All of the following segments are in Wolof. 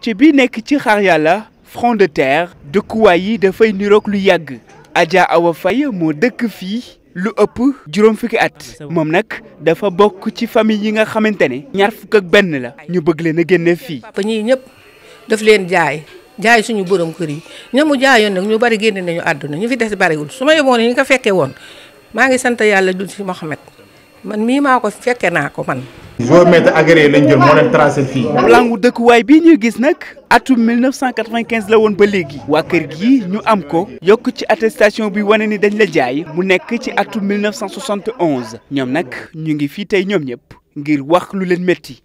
ci bii nekk ci xar yàlla front de terre dëkkuwaay yi dafay niroog lu yàgg Adja Awa Faye moo dëkk fii lu ëpp juróom fukki at moom nag dafa bokk ci famille yi nga xamante ne ñaar fukk ak benn la ñu bëgg leen a génne fii ba ñii ñëpp daf leen jaay jaay suñu borom kër yi ñamu jaayoon nag ñu bari génn nañu àdduna ñu fi des bariwul su ma yeboon ñu ko fekkee woon maa ngi sant yàlla dul si Mohamed man mii maa ko fekke naa ko man joueur maître lañ jël moo leen tracé fii. langu dëkkuwaay bii ñuy gis nag atum 1995 la woon ba léegi. waa kër gi ñu am ko. yokk ci attestation bi wane ni dañ la jaay mu nekk ci atum 1971 ñoom nag ñu ngi fii tey ñoom ñëpp ngir wax lu leen métti.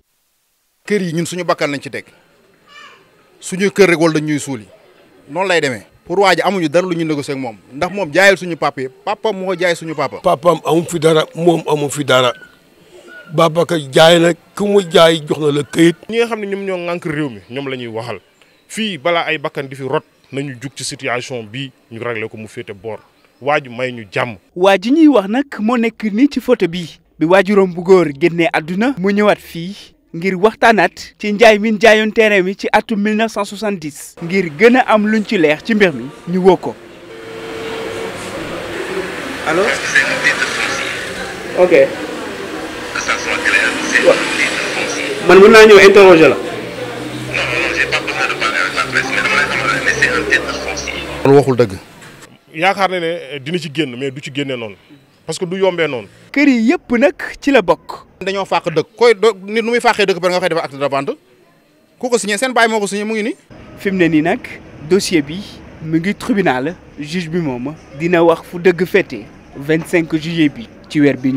kër yi ñun suñu bakkan lañ ci teg suñu kër rek wala dañ ñuy suuli noonu lay demee. pour waa ji dara lu ñu négocier ak moom ndax moom jaayal suñu papa yi papa moo jaay suñu papa. papaam amu fi dara moom amu fi dara. Babacar jaay na ku mu jaay jox na la kayit ñi nga xam ne ñoom ñoo ŋànk réew mi ñoom la ñuy waxal fii balaa ay bakkan di fi rot nañu jug ci situation bi ñu réglé ko mu féete boor waaju ji may ñu jàmm. waa ji ñuy wax nag moo nekk nii ci photo bi bi waajuram bu góor génnee àdduna mu ñëwaat fii ngir waxtaanaat ci njaay min njaayoon terrain mi ci atum 1970 ngir gën a am luñ ci leer ci mbir mi ñu woo ko. c'est Man, je peux interroger Non, non, j'ai pas besoin de parler la mais je mais c'est un foncier. On ne eh, dina ci mais du ci parce que du yombé non kër yi yépp nak ci la bok dañoo dëkk koy nit nu muy un nga acte de vente kuko signé un moko signé mu ngi dossier bi mu ngi tribunal juge bi dina wax fu 25 juillet bi ci wër bi